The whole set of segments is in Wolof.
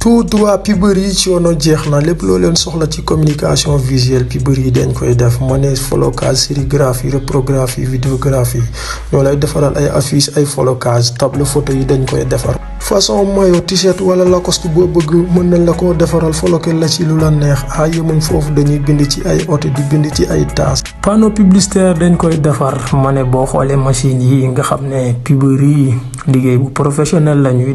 tout droit pibër yi ci yoonu jeex na lépp loo leen soxla ci communication visuelle pibër yi dañ koy def manège flocage sérigraphie reprographie vidéographie ñoo lay defaral ay affiche ay flocage table photo yi dañ koy defar façon maillot t-shirt wala lacoste boo bëgg mën nañ la ko defaral floqué la ci lu la neex a ah, yemuñ foofu dañuy bind ci ay oto di bind ci ay taas panneau publicitaire dañ koy defar ma ne boo xoolee machine yi nga xam ne pibër yi liggéey bu professionnel la ñuy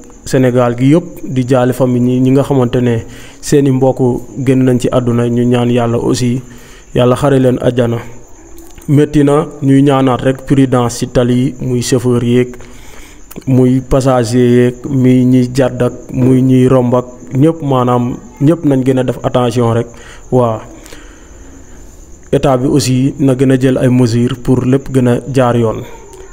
Sénégal gi yëpp di jaale famille ñi ñi nga xamante ne seeni mbokk génn nañ ci àdduna ñu ñaan yàlla aussi yàlla xare leen àjjana métti na ñuy ñaanaat rek prudence ci tali muy chauffeur yéeg muy passager yeeg muy ñiy jàdd ak muy ñiy romb ak ñëpp maanaam ñëpp nañ gën a def attention rek waa état bi aussi na gën a jël ay mesures pour lépp gën a jaar yoon.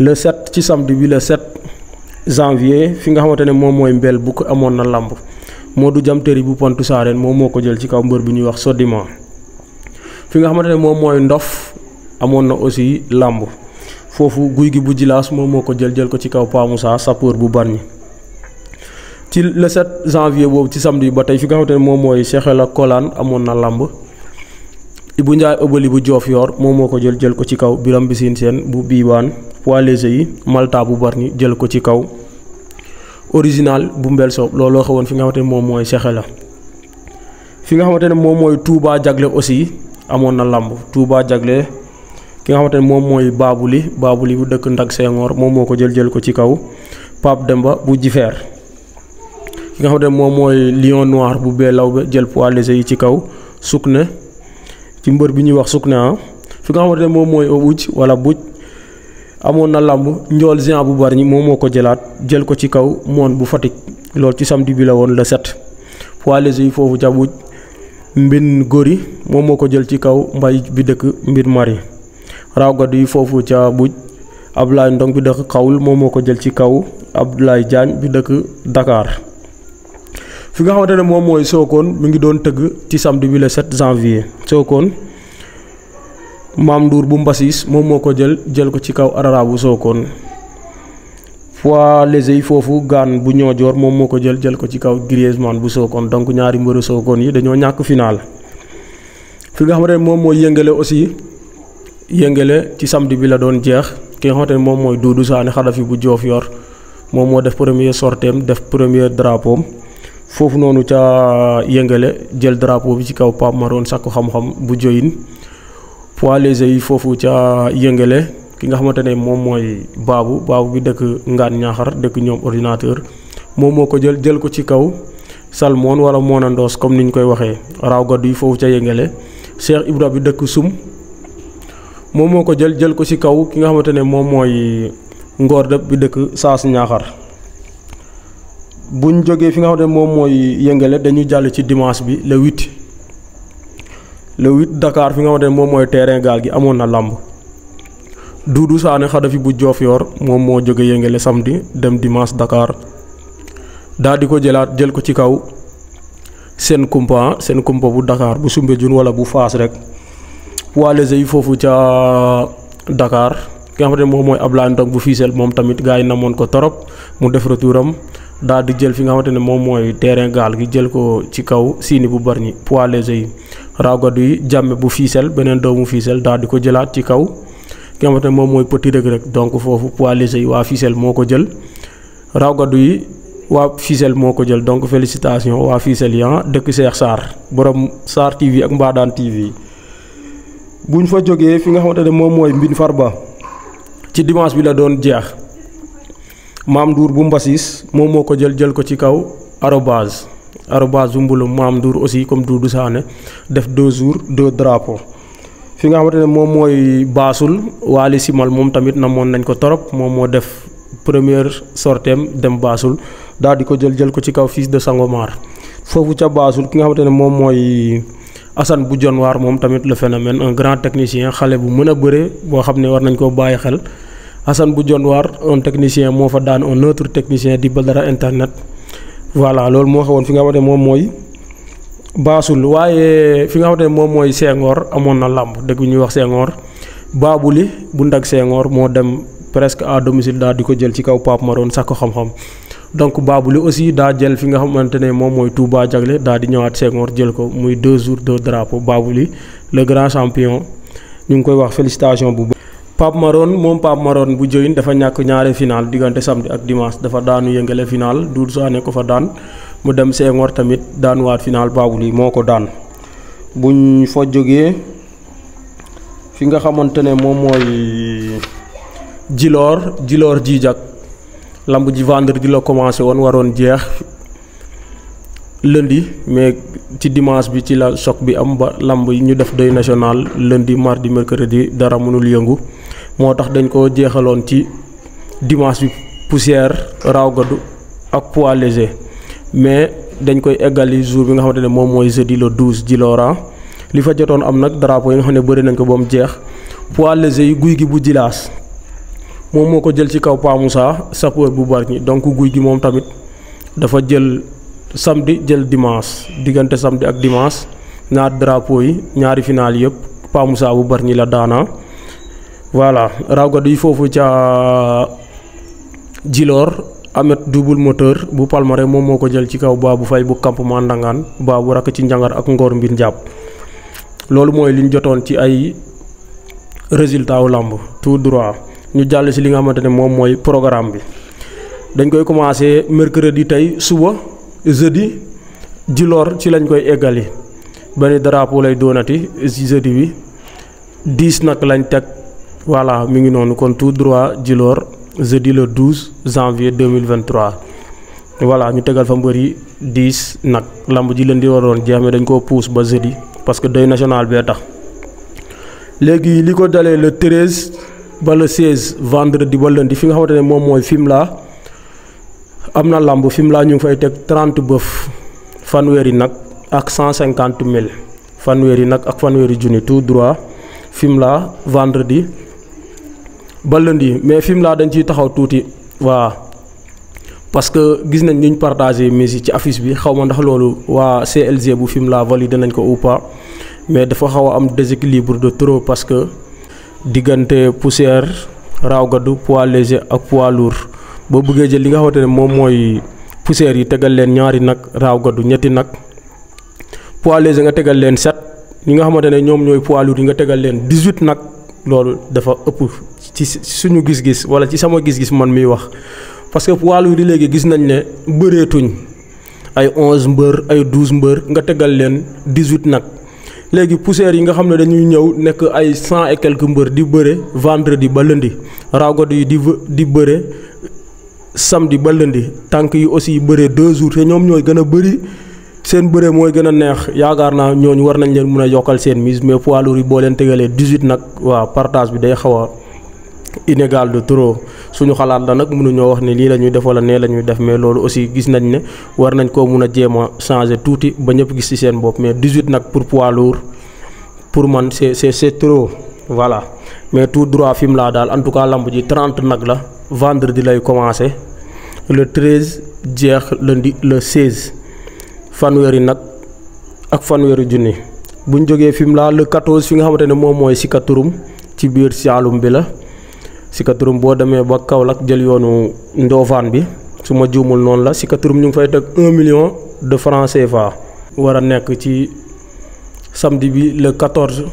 le 7 ci samedi bi le 7 janvier fi nga xamante ne moom mooy mbel bu amoon na làmb Modou Jamteri bu pont Sarène moom moo ko jël ci kaw mbër bi ñuy wax Sodima fi nga xamante ne moom mooy ndof amoon na aussi làmb foofu guy gi bu jilaas moom moo ko jël jël ko ci kaw Pa Moussa sapeur bu Bargny ci le set janvier boobu ci samedi ba tey fi nga xamante ne moom mooy Cheikh El Kolaan amoon na làmb Ibou Ndiaye Obali bu Diofior moom moo ko jël jël ko ci kaw Biram Bisin Sène bu Biiwaan poids léger yi Malta bu Bargny jël ko ci kaw original bu Mbel Sob looloo xewoon fi nga xamante ne moom mooy sexe la fi nga xamante ne moom mooy Touba Jagle aussi amoon na làmb Touba Jagle ki nga xamante ne moom mooy Baabuli Baabuli bu dëkk Ndag Senghor moom moo ko jël jël ko ci kaw Pape Demba bu Jifeer ki nga xamante ne moom mooy Lion Noir bu Beelawbe jël poids léger yi ci kaw Soukne ci mbër bi ñuy wax Soukna fi nga xamante ne moom mooy Outh wala Bouth amoon na làmb njool Géant bu bari ñi moom moo ko jëlaat jël ko ci kaw moon bu fatig lool ci samedi bi la woon le 7 poids léger yi foofu ca Outh mbin góri moom ko jël ci kaw mbay bi dëkk mbir mari raw gadu yi foofu ca Bouth Abdoulaye Ndong bi dëkk xawul moom ko jël ci kaw Abdoulaye Diagne bi dëkk Dakar fi nga xamantene mom moy sokon mi ngi doon teug ci samedi bi le 7 janvier sokon maam bu mbassis mom moko ko jël jël ko ci kaw bu sokon poids les ay fofu gan bu ñoo jor mom ko jël jël ko ci kaw griezmann bu sokon donc ñaari mbëru sokon yi dañoo ñak final fi nga xamantene mom osi yengele aussi yëngale ci samedi bi la doon jeex ki nga xamantene mom moy mooy sane xadafi bu jof yor mom mo def premier sortem def premier drapeau foofu noonu ca yëngale jël drapeau bi ci kaw Pape Maroon sakku xam-xam bu joyin poids léger yi foofu ca yëngale ki nga xamante ne moom mooy baabu baabu bi dëkk ngaan ñaaxar dëkk ñoom ordinateur moom moo ko jël jël ko ci kaw salmon wala moonandoos comme ni ñu koy waxee raaw gaddu yi foofu ca yëngale Cheikh Ibra bi dëkk sum moom moo ko jël jël ko ci kaw ki nga xamante ne moom mooy ngoor dëpp bi dëkk saas ñaaxar buñ jógee fi nga xam ne moom mooy yëngale dañu jàll ci dimanche bi le huit le huit Dakar fi nga xam ne moom mooy terrain gaal gi amoon na làmb Doudou Sané Xadafi bu Diofior moom moo jóge yëngale samedi dem dimanche dakaar daal di ko jëlaat jël ko ci kaw seen kumpa seen kumpa bu Dakar bu Soumbédioune wala bu fas rek waa les yi foofu ca Dakar ki nga xam ne moom mooy Ablaye Ndong bu Fissel moom tamit gars yi namoon ko torop mu def retouram da di jël fi nga xamantene mom moy terrain gal gi jël ko ci kaw sini bu barni poids léger yi raagadu bu fiisel benen doomu fiisel da di ko jëlat ci kaw nga xamantene mom moy petit rek rek donc foofu poids léger yi waa fiisel moko ko jël raagadu yi waa fiisel moko jël donc félicitations wa fiisel yi ah, dekk cheikh sar borom sar tv ak mbadan tv buñ fa joggé fi nga xamantene mom moy farba ci dimanche bi la doon jeex maam Ndour bu mbasiis moom moo ko jël jël ko ci kaw arobase arobase bu mbulum maam Ndour aussi comme Doudou Sané def deux jours deux drapeaux fi nga xamante ne moom mooy baasul Waly Simal moom tamit namoon nañ ko torop moom moo def première sorteem dem baasul daal di ko jël jël ko ci kaw fils de Sangomar foofu ca baasul ki nga xamante ne moom mooy Assane bu Jonwaar moom tamit le phénomène un grand technicien xale bu mën a bëre boo xam ne war nañ koo bàyyi xel. Assane bu John Waar un technicien moo fa daan un autre technicien di dara internet voilà loolu moo xewoon fi nga xamante ne moom mooy baasul waaye fi nga xamante ne moom mooy Senghor amoon na làmb dëgg ñuy wax Senghor li bu ndag Senghor moo dem presque à domicile daal di ko jël ci kaw Pape Maroon sàkk xam-xam donc Baabuli aussi daa jël fi nga xamante ne moom mooy Touba Jagle daal di ñëwaat Senghor jël ko muy deux jours de drapeau Baabuli le grand champion ñu ngi koy wax félicitation bu. pap Maron mom pap Maron bu joyin dafa ñak ñaare final digante samedi ak dimanche dafa daanu yengale final Doudou Sané ko fa daan mu dem ngor tamit daan waat final Babouli moko ko daan buñ fa jógee fi nga xamantene mom moy jilor jilor ji jak lamb ji vendredi la commencé won waron jeex lundi mais ci dimanche bi ci la choc bi am ba lamb yi ñu def deuil national lundi mardi mercredi dara mënul yëngu moo tax dañ ko jeexaloon ci dimanche bi poussière raw gadu ak poids mais dañ koy eggali jour bi nga xamante ne moom mooy jeudi le 12 ji looran li fa jotoon am nag drapeau yi nga xam ne bëri nañ ko ba jeex poids léger yi guy gi bu jilaas moom moo ko jël ci kaw Pa Moussa sapeur bu bari ñi donc guy gi moom tamit dafa jël samdi jël dimanche diggante samedi ak dimanche ñaar drapeau yi ñaari final yëpp Pa Moussa bu bari ñi la daana voilà raw di fofu ca euh, jilor amet double moteur bu palmaré mom moko ko jël ci kaw babu fay bu campement ndangaan babu rak ci njangar ak ngor mbir njàpp loolu moy liñ jotone ci ay résultat wu lamb tout droit ñu jall ci li nga xamantene ne moy programme bi dañ koy commencer mercredi tay suba jeudi jilor ci lañ koy eggali benn drapeau lay donati jeudi wi 10 nak lañ tek voilà mi ngi noonu kon tout droit Djilor jeudi le 12 janvier 2023 voilà ñu tegal fa mbër yi 10 nag lamb ji leen di waroon jeex mi dañ koo puus ba jeudi parce que day national bee tax léegi li ko dalee le 13 ba le 16 vendredi ba lundi fi nga xamante ne moom mooy Fimela am na lamb Fimela ñu ngi fay teg 30 bëf fanweeri nag ak cent 150 mille fanweeri nag ak fanweeri junni tout droit Fimela vendredi. ba lundi mais film laa dañ ciy taxaw tuuti waa parce que gis nañ ni ñu partagé musique ci affiche bi xaw ma ndax loolu waa CLG bu film laa validé nañ ko ou pas mais dafa xaw a am déséquilibre de trop parce que diggante poussière raaw gaddu poids léger ak poids lourd boo bëggee jël li nga xamante ne moom mooy poussière yi tegal leen ñaari nag raaw gaddu ñetti nag poids léger nga tegal leen sept ñi nga xamante ne ñoom ñooy poids lourd yi nga tegal leen dix-huit nag loolu dafa ëpp ci suñu gis-gis wala ci sama gis-gis man miy wax parce que poids lourds yi léegi gis nañ ne bëreetuñ ay onze mbër ay douze mbër nga tegal leen dix nag léegi poussières yi nga xam ne dañuy ñëw nekk ay cent et quelques mbër di bëre vendredi ba lundi ragodu yi di bëree bëre di ba lundi tànk yi aussi bëre deux jours te ñoom ñooy gën a bëri seen bëre mooy gën a neex yaakaar naa ñooñu war nañ leen mun a yokkal seen mise mais poids lourds yi boo leen tegalee dix-huit nag waaw partage bi day xaw a inégal de trop suñu xalaat la nag mënuñoo wax ni li la ñuy la né nee def mais loolu aussi gis nañ ne war nañ ko mëna a changer touti ba ñëpp gis ci seen bop mais 18 nak pour poids lourd pour man c'est c'est c'est trop voilà mais tout droit fi mu laa daal en tout cas lamb ji 30 nak la vendredi lay commencer le 13 jeex lundi le 16 fanwéri nak ak fanwéri junni buñ joggé fi mu le 14 fi nga xamanté ne moom mooy Sikaturum ci biir sialum bi la. Sikaturum boo demee ba Kaolack jël yoonu Ndofane bi su ma jumul noonu la Sikaturum ñu ngi fay teg un million de francs CFA. war a nekk ci samedi bi le quatorze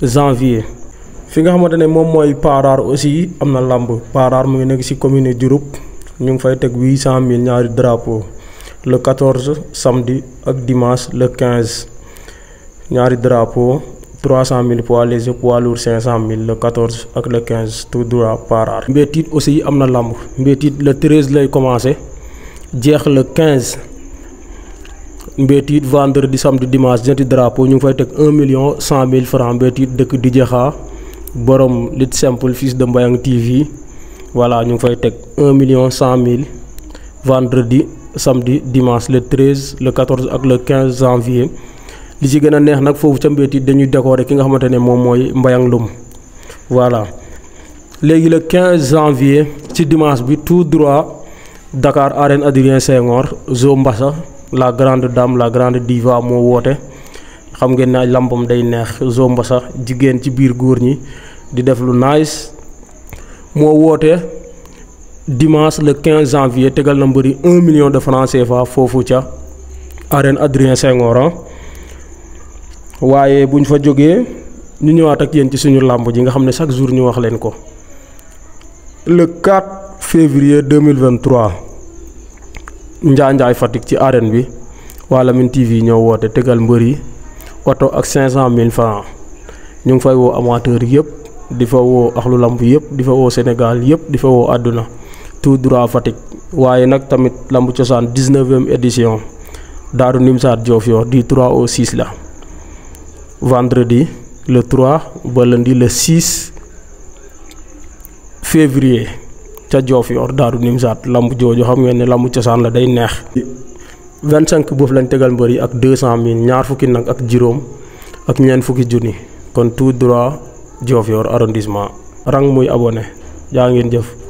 janvier. fi nga xamante ne moom mooy Parar aussi am na làmb Parar mu ngi nekk ci commune Diouroup ñu ngi fay teg huit cent mille ñaari drapeau le quatorze samedi ak dimanche le quinze ñaari drapeau 300 000 poids léger poids lourd 500 000 le 14 et le 15 tout droit Paraar. Mbey tiit aussi amna na làmb le 13 lay commencé jeex le 15 Mbey tiit vendredi samedi dimanche ñetti drapeau ñu faisons fay 1 million 100 000 francs Mbey tiit dëkk di jeexaa borom lit simple fils de Mbayang TV voilà ñu faisons fay 1 million 100 000 vendredi samedi dimanche le 13 le 14 et le 15 janvier. li ci gën a neex nag foofu ca mbeeti dañuy décorer ki nga xamante ne moom mooy mbayang lum voilà léegi le 15 janvier ci dimanche bi tout droit Dakar arène Adrien Senghor Zo mbasa la grande dame la grande diva moo woote xam ngeen ne làmbam day neex Zo mbasa jigéen ci biir góor ñi di def lu nice moo woote dimanche le 15 janvier tegal na mbari un million de francs CFA foofu ca arène Adrien Senghor ah. waaye bu fa jógee ñu ñëwaat ak yéen ci suñu làmb ji nga xam ne chaque jour ñu wax leen ko le 4 février 2023 Njaanjaay Fatick ci arène bi waa Lamyn TV ñoo woote tegal mbër yi oto ak 500000 francs ñu ngi fay woo amateur yëpp di fa woo axlu lamb yëpp di fa woo Sénégal yëpp di fa woo àdduna tout droit Fatick waaye nag tamit lamb cosaan 19e édition Daaru Nimsaat Diofior du 3 au 6 la. vendredi le 3 ba lundi le 6 février ca jof yor daru nimzat lamb jojo xam ngeen ne lamb cosaan la day neex 25 bof lañ tegal mbeuri ak 200 000 ñaar fukki nak ak juróom ak ñen fukki juni kon tout droit jof yor arrondissement rang muy abonné ja ngeen jëf